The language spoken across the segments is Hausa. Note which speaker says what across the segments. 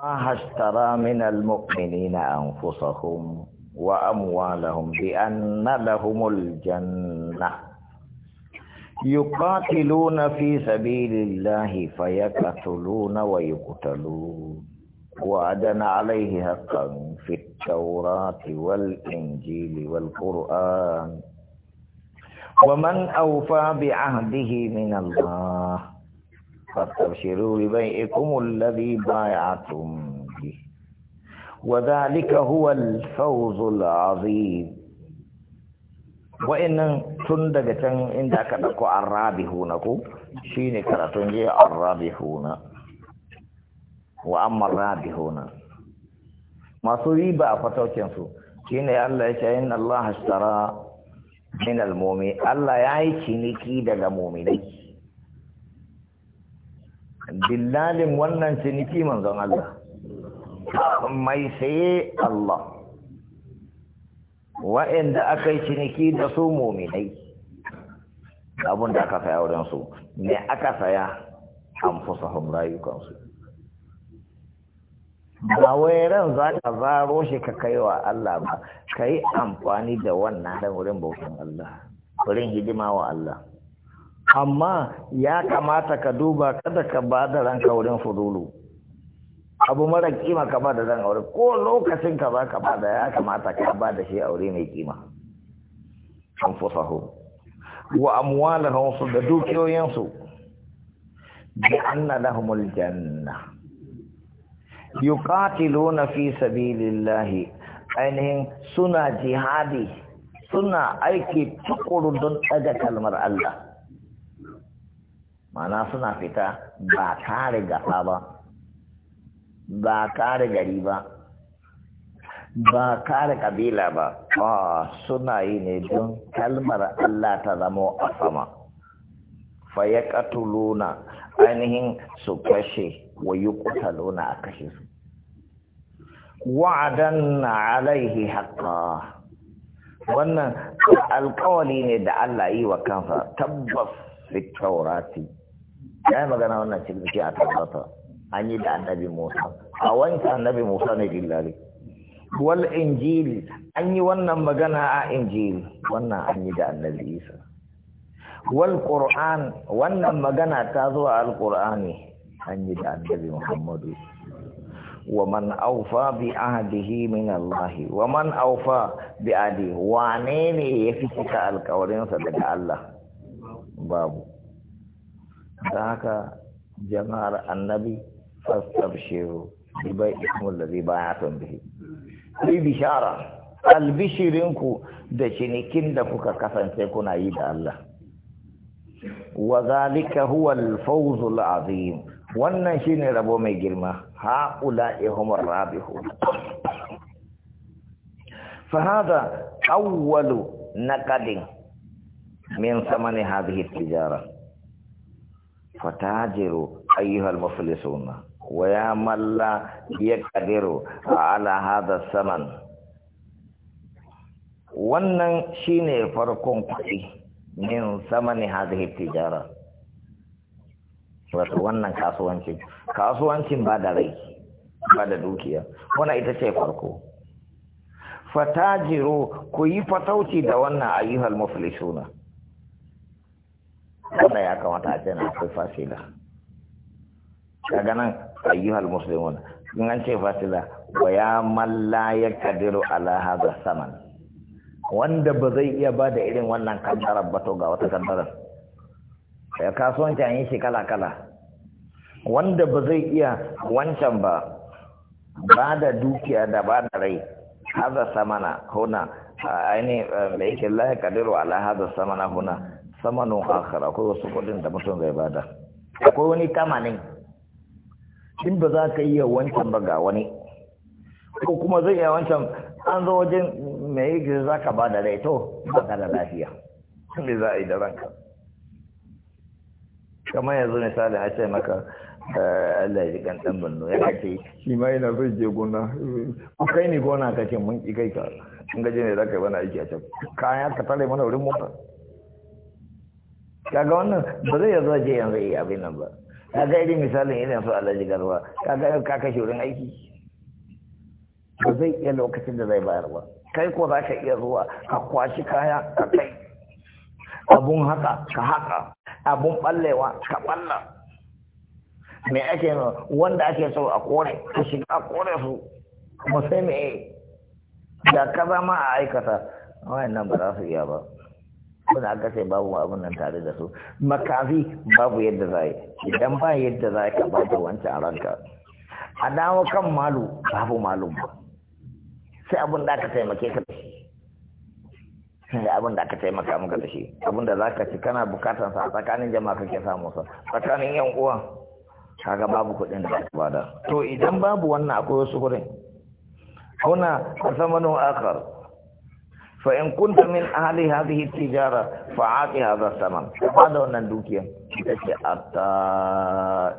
Speaker 1: الله اشترى من المؤمنين أنفسهم وأموالهم بأن لهم الجنة يقاتلون في سبيل الله فيقتلون ويقتلون وعدنا عليه حقا في التوراة والإنجيل والقرآن ومن أوفى بعهده من الله فاستبشروا ببيعكم الذي بايعتم به وذلك هو الفوز العظيم وإن تن دقة إن داك نكو الرابحونكو شيني كراتون جي الرابحون وأما الرابحون ما سويبا فتوك ينسو شيني الله إن الله اشترى من المومي الله يعيشي نكي دقة مومي dillalin wannan ciniki manzon Allah mai saye Allah wa'anda aka yi ciniki da su muminai abin da aka saya wurin su ne aka saya an fusa hun rayukansu ba wai ran za ka zaro shi ka kai wa Allah ba ka yi amfani da wannan dan wurin bautan Allah wurin hidima wa Allah amma ya kamata ka duba kada ka ba da ranka wurin fudulu abu mara kima ka ba da ran aure ko lokacin ka ba ka ba da ya kamata ka ba da shi aure mai kima fusahu wa amwalahum su da dukiyoyinsu bi anna lahumul janna yuqatiluna fi sabilillahi ainihin suna jihadi suna aiki tukuru don daga kalmar Allah mana suna fita ba tare gasa ba ba kare gari ba ba kare kabila ba a suna yi ne don kalmar Allah ta zama a sama fayaƙatuluna ainihin su kashe wa yi kutaluna a kashe su wa'adan na alaihi haka. wannan alkawali ne da Allah yi wa kansa tabbas fi taurati ya magana wannan ciniki a tabbata an yi da annabi musa a wanke annabi musa ne dillali wal injili an yi wannan magana a injili wannan an yi da annabi isa wal qur'an wannan magana ta zo a alqur'ani an yi da annabi muhammadu wa man aufa bi ahdihi min Allah wa man aufa bi ahdihi wane ne fi cika alkawarinsa daga Allah babu ذاك جمال النبي فاستبشروا ببيعكم الذي بايعتم به في بشارة البشرينكو ده شنكين ده كوكا كسان سيكون عيد الله وذلك هو الفوز العظيم وانا شيني ربو مي جرما هؤلاء هم الرابحون فهذا أول نقد من ثمن هذه التجاره fatajiru ayyuhal muflisuna wa ya malla yaqdiru ala hadha saman wannan shine farkon kuɗi min samani hadhihi tijara wato wannan kasuwancin kasuwancin ba da rai ba da dukiya wannan ita ce farko fatajiru ku yi fatauci da wannan ayyuhal muflisuna wanda ya kamata a ce na akwai fasila daga ayyuhal musulmin in an ce fasila wa ya malla ya kadiru ala hadha saman wanda ba zai iya ba da irin wannan kaddarar ba to ga wata kaddarar ya kasuwanci an yi shi kala kala wanda ba zai iya wancan ba ba da dukiya da ba da rai haza samana na. aini da yake la kadiru ala hada na huna nun akhara akwai wasu kudin da mutum zai bada akwai wani tamanin in ba za ka iya wancan ba ga wani ko kuma zai iya wancan an zo wajen mai yake za ka bada rai to ba ka da lafiya me za a yi da ranka kamar yanzu misali a ce maka Eh, Allah ya kan dan bannu ya kace shi ma yana so je gona ku kai ni gona kace mun ki kai ka in gaje ne zaka yi wani aiki a can ya? ka tare mana wurin mota kaga wannan ba zai yazo je yanzu yi abin nan ba kaga irin misalin irin so Allah ya garwa kaga ka kashe wurin aiki ba zai iya lokacin da zai bayar ba kai ko za ka iya zuwa ka kwashi kaya ka kai abun haka ka haka abun ballewa ka balla me ake no wanda ake so a kore a shiga a kore su kuma sai me da ka zama a aikata nan ba za su iya ba wanda aka ce babu abin nan tare da su makafi babu yadda za yi idan ba yadda za ka ba da wancan ranka a dawo kan malu babu malu. ba sai abin da aka taimake ka da shi da abin da aka taimaka maka da shi abin da za ka ci kana bukatansa a tsakanin jama'a kake samun sa tsakanin yan uwan. kaga babu kuɗin da aka bada to idan babu wannan akwai wasu kuɗin kuna samanun akar fa in kunta min ahli hadhihi tijara fa ati hadha saman ba da wannan dukiya. ita ce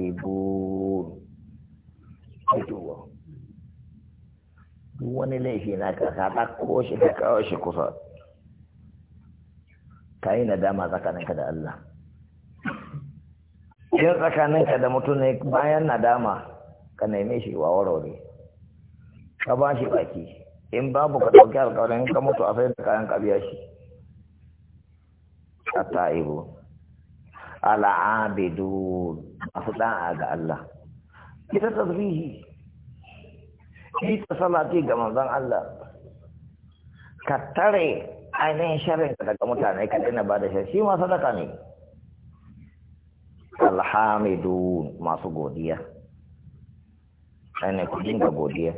Speaker 1: ibu, fitowa duk wani laifi na ka ka ɗauko shi ka kawo shi kusa ka yi nadama tsakaninka da Allah yin tsakaninka da mutum ne bayan nadama ka neme shi wa warware ka ba shi baki in babu ka ɗauki alƙawarin ka mutu a sai da kayan ka shi a ta'ibu al'abidu masu da'a ga Allah ita tasbihi ita salati ga manzon Allah ka tare ainihin sharrin daga mutane ka daina ba da shi ma sadaka ne alhamidun masu godiya ne ku dinga godiya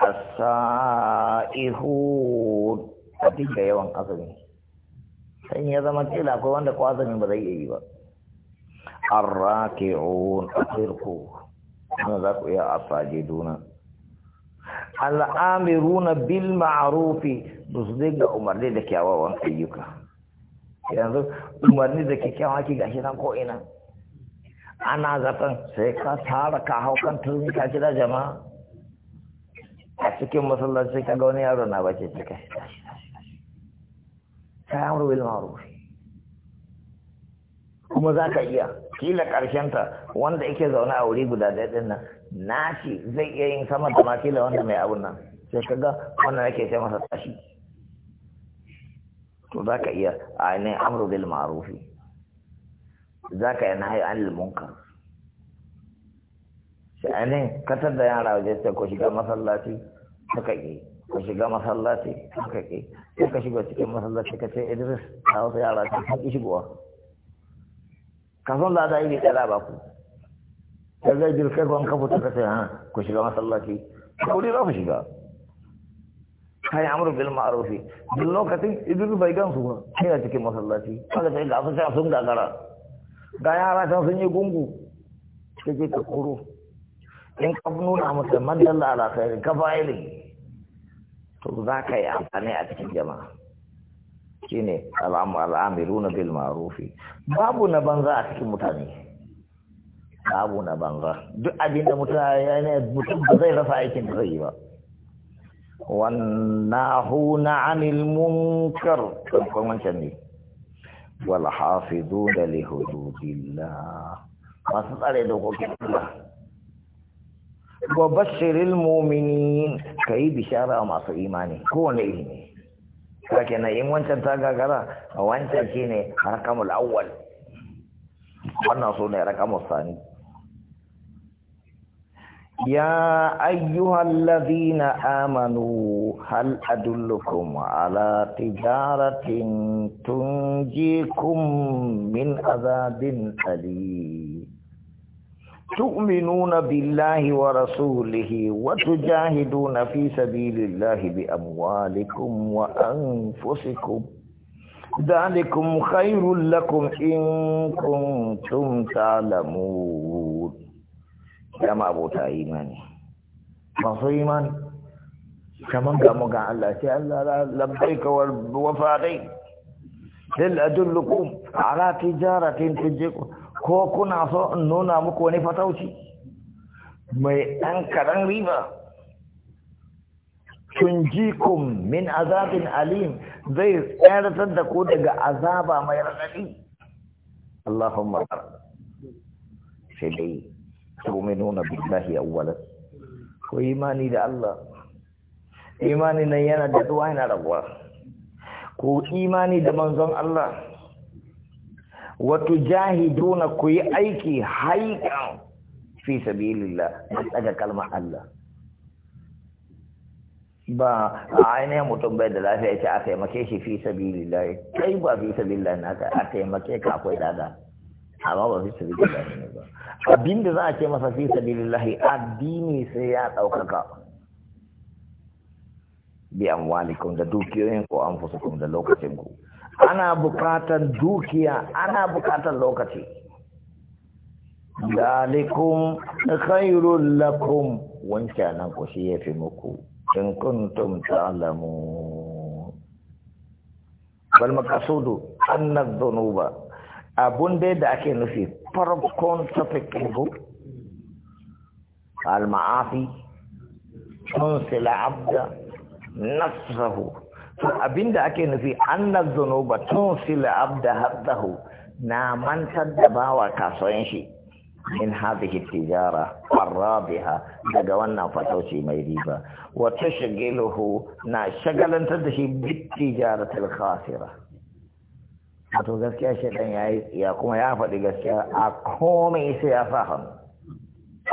Speaker 1: as-sa'ihun a dinga yawan azumi sai ya zama kila akwai wanda ko azumin ba zai iya yi ba arraki'un asirku ana za ku iya asajiduna al'amiruna bil ma'rufi su ga umarni da kyawawan ayyuka yanzu umarni da kyakkyawan ki gashi nan ko ina ana zaton sai ka tara ka hau kan turmi ka kira jama'a a cikin sai ka ga wani yaro na bace ce kai ta yamru bil ma'arufi. kuma za ka iya kila ta wanda yake zaune a wuri guda ɗaya ɗin nan ce zai iya yin sama da makila wanda mai abun nan sai ka ga wannan yake sai masa tashi to za ka iya a ainihin amru bil za ka yi nahayi anil munkar sha'anin katar da yara waje sai ko shiga masallaci suka ƙi ko shiga masallaci suka ƙi sai ka shiga cikin masallaci ka ce idris a wasu yara ta haƙi shigowa kafin lada za yi bai ɗaya ba ku sai zai jirka ko an kafa ka ce ha ah, ku shiga masallaci wuri za ku shiga kayan amur bil ma'arufi duk lokacin idris bai gansu ba sai a cikin masallaci kaga sai ga sun gagara ga yara can sun yi gungu ta ke ta kuro in ka nuna musu madalla ala khairi ka fa'ili to za ka yi amfani a cikin jama'a shine al'amiruna bil ma'rufi babu na banza a cikin mutane babu na banza duk abin da mutum ba zai rasa aikin da zai yi ba wannan na anil munkar kan wancan ne wal hafizuna li hududillah masu tsare dokokin Allah wa bashiril mu'minin kai bishara masu imani kowane iri ne Yake na in wancan ta gagara wancan shine harkamul awwal wannan sune rakamul sani يا أيها الذين آمنوا هل أدلكم على تجارة تنجيكم من عذاب أليم تؤمنون بالله ورسوله وتجاهدون في سبيل الله بأموالكم وأنفسكم ذلكم خير لكم إن كنتم تعلمون ya abota imani masu imani kaman ga mu ga Allah sai Allah labbaika wa fadai hal adullukum ala tijaratin tujiku ko kuna so in nuna muku wani fatauci mai ɗan karan riba tunjikum min azabin alim zai tsayar da ku daga azaba mai raɗaɗi Allahumma sai dai tu'minuna billahi awwalan ko imani da Allah imani nan yana da duwa yana rabuwa ko imani da manzon Allah wato jahiduna ku yi aiki haikan fi sabilillah da daga kalma Allah ba a ainihin mutum bai da lafiya ce a taimake shi fi sabilillah kai ba fi sabilillah naka a taimake ka akwai dada amma ba fi sabilillahi ne ba abin da za a ce masa fi sabilillahi addini sai ya ɗaukaka bi an amwalikum da dukiyoyin ko kun da lokacin ku ana bukatar dukiya ana bukatar lokaci dalikum khairul lakum wancan nan ko shi yafi muku in kuntum ta'lamun wal maqsudu anna dhunuba abun dai da ake nufi farkon tafik ɗinku al-ma'afi sila abda nafsahu to abinda ake nufi anna zunuba sila abda haddahu na mantar da bawa kasuwan shi min hadhihi tijara arabiha daga wannan fatauci mai riba wa tashghiluhu na shagalantar da shi bit tijaratil khasira wato gaskiya shaidan ya yi ya kuma ya faɗi gaskiya a komai sai ya sa hannu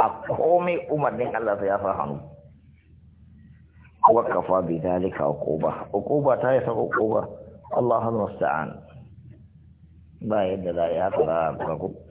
Speaker 1: a komai umarnin Allah sai ya sa hannu wa kafa bi dalika a uquba ta yi sa uquba Allahu sa'an ba yadda za a yi haka za a